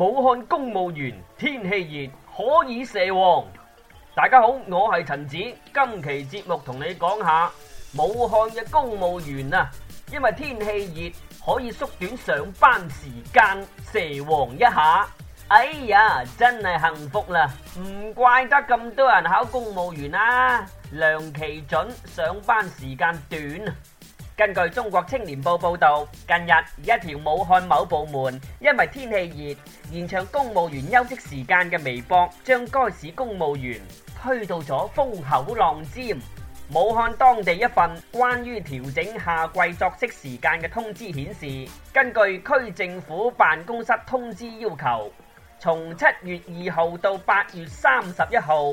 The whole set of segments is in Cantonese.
武漢公務員天氣熱可以蛇王，大家好，我係陳子，今期節目同你講下武漢嘅公務員啊，因為天氣熱可以縮短上班時間，蛇王一下，哎呀，真係幸福啦，唔怪得咁多人考公務員啦，糧期準，上班時間短。根據中國青年報報道，近日一條武漢某部門因為天氣熱，延長公務員休息時間嘅微博，將該市公務員推到咗風口浪尖。武漢當地一份關於調整夏季作息時間嘅通知顯示，根據區政府辦公室通知要求，從七月二號到八月三十一號。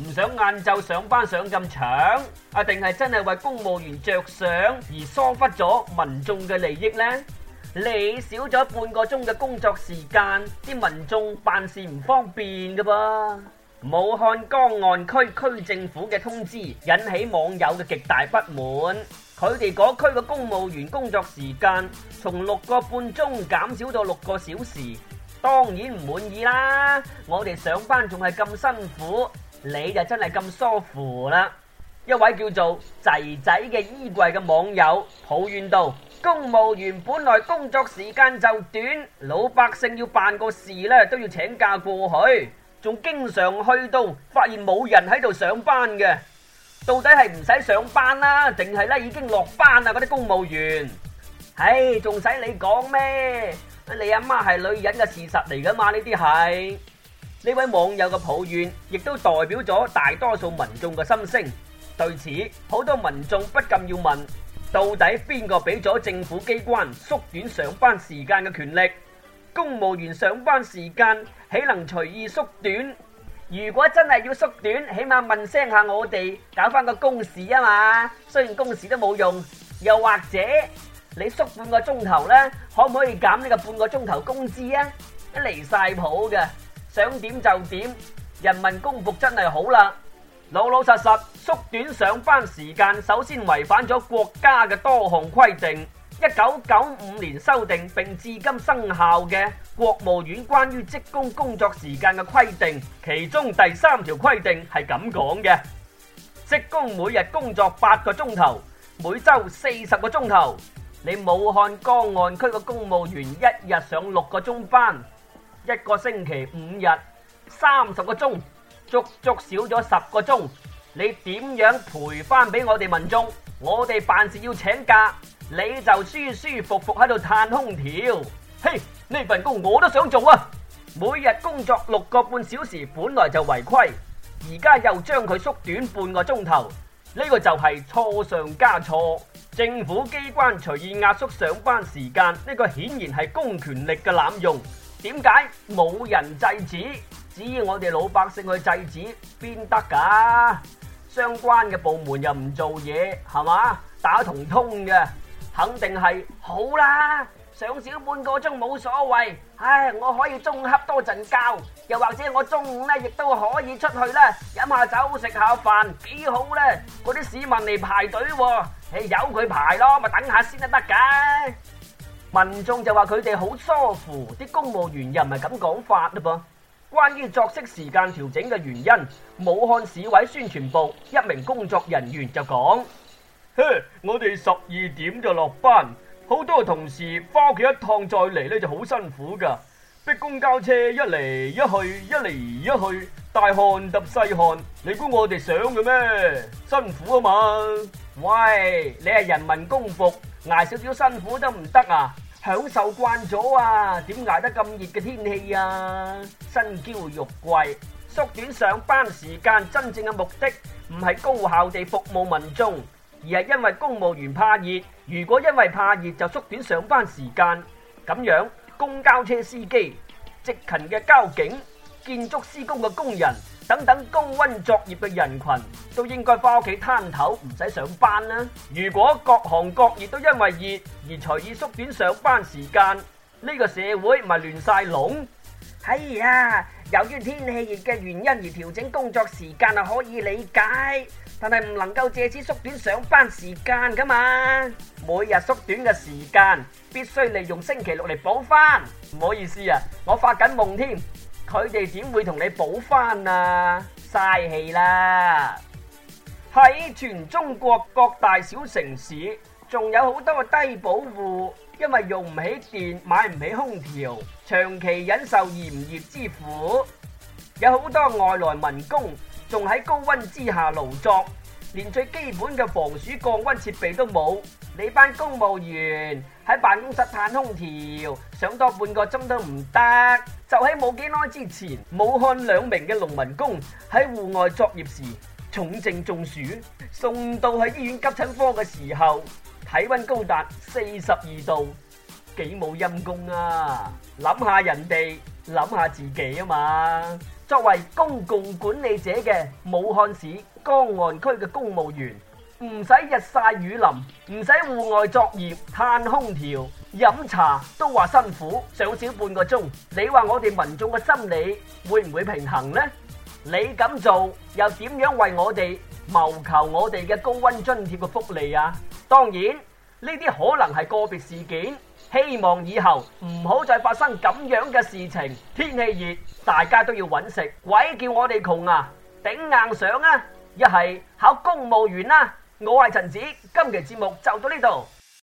唔想晏晝上班上咁長啊？定係真係為公務員着想而疏忽咗民眾嘅利益呢？你少咗半個鐘嘅工作時間，啲民眾辦事唔方便噶噃。武漢江岸區區政府嘅通知引起網友嘅極大不滿。佢哋嗰區嘅公務員工作時間從六個半鐘減少到六個小時，當然唔滿意啦。我哋上班仲係咁辛苦。你就真係咁疏乎啦！一位叫做仔仔嘅衣櫃嘅網友抱怨道：公務員本來工作時間就短，老百姓要辦個事呢，都要請假過去，仲經常去到發現冇人喺度上班嘅，到底係唔使上班啦，定係呢已經落班啦？嗰啲公務員，唉、哎，仲使你講咩？你阿媽係女人嘅事實嚟㗎嘛？呢啲係。呢位網友嘅抱怨，亦都代表咗大多數民眾嘅心聲。對此，好多民眾不禁要問：到底邊個俾咗政府機關縮短上班時間嘅權力？公務員上班時間豈能隨意縮短？如果真係要縮短，起碼問聲下我哋，搞翻個公示啊嘛。雖然公示都冇用，又或者你縮半個鐘頭咧，可唔可以減呢個半個鐘頭工資啊？一離晒譜嘅。想點就點，人民公僕真係好啦，老老實實縮短上班時間，首先違反咗國家嘅多項規定。一九九五年修訂並至今生效嘅國務院關於職工工作時間嘅規定，其中第三條規定係咁講嘅：職工每日工作八個鐘頭，每周四十個鐘頭。你武漢江岸區嘅公務員一日上六個鐘班。一個星期五日三十個鐘，足足少咗十個鐘。你點樣賠翻俾我哋民眾？我哋辦事要請假，你就舒舒服服喺度嘆空調。嘿，呢份工我都想做啊！每日工作六個半小時本來就違規，而家又將佢縮短半個鐘頭，呢個就係錯上加錯。政府機關隨意壓縮上班時間，呢個顯然係公權力嘅濫用。點解冇人制止？至於我哋老百姓去制止，邊得噶？相關嘅部門又唔做嘢，係嘛？打同通嘅，肯定係好啦。上少半個鐘冇所謂，唉，我可以中午瞌多陣覺，又或者我中午咧亦都可以出去咧，飲下酒食下飯，幾好咧。嗰啲市民嚟排隊，係由佢排咯，咪等下先得噶。民眾就話佢哋好疏忽，啲公務員又唔係咁講法啦噃。關於作息時間調整嘅原因，武漢市委宣傳部一名工作人員就講：哼，我哋十二點就落班，好多同事翻屋企一趟再嚟咧就好辛苦噶，逼公交車一嚟一去，一嚟一去，大汗揼細汗，你估我哋想嘅咩？辛苦啊嘛！喂，你係人民公僕。挨少少辛苦都唔得啊！享受慣咗啊，點挨得咁熱嘅天氣啊？身嬌肉貴，縮短上班時間真正嘅目的唔係高效地服務民眾，而係因為公務員怕熱。如果因為怕熱就縮短上班時間，咁樣公交車司機、執勤嘅交警、建築施工嘅工人，等等高温作業嘅人群都應該翻屋企攤頭，唔使上班啦。如果各行各業都因為熱而隨意縮短上班時間，呢個社會咪亂晒籠？係啊、哎，由於天氣熱嘅原因而調整工作時間係可以理解，但係唔能夠借此縮短上班時間噶嘛。每日縮短嘅時間必須利用星期六嚟補翻。唔好意思啊，我發緊夢添。佢哋點會同你補翻啊？嘥氣啦！喺全中國各大小城市，仲有好多個低保戶，因為用唔起電，買唔起空調，長期忍受炎熱之苦。有好多外來民工仲喺高溫之下勞作。連最基本嘅防暑降温設備都冇，你班公務員喺辦公室嘆空調，上多半個鐘都唔得。就喺冇幾耐之前，武漢兩名嘅農民工喺戶外作業時重症中暑，送到去醫院急診科嘅時候，體溫高達四十二度，幾冇陰功啊！諗下人哋。諗下自己啊嘛！作為公共管理者嘅武漢市江岸區嘅公務員，唔使日曬雨淋，唔使戶外作業，嘆空調、飲茶都話辛苦，上少半個鐘，你話我哋民眾嘅心理會唔會平衡呢？你咁做又點樣為我哋謀求我哋嘅高溫津貼嘅福利啊？當然，呢啲可能係個別事件。希望以後唔好再發生咁樣嘅事情。天氣熱，大家都要揾食。鬼叫我哋窮啊！頂硬上啊！一係考公務員啦，啊。我係陳子，今期節目就到呢度。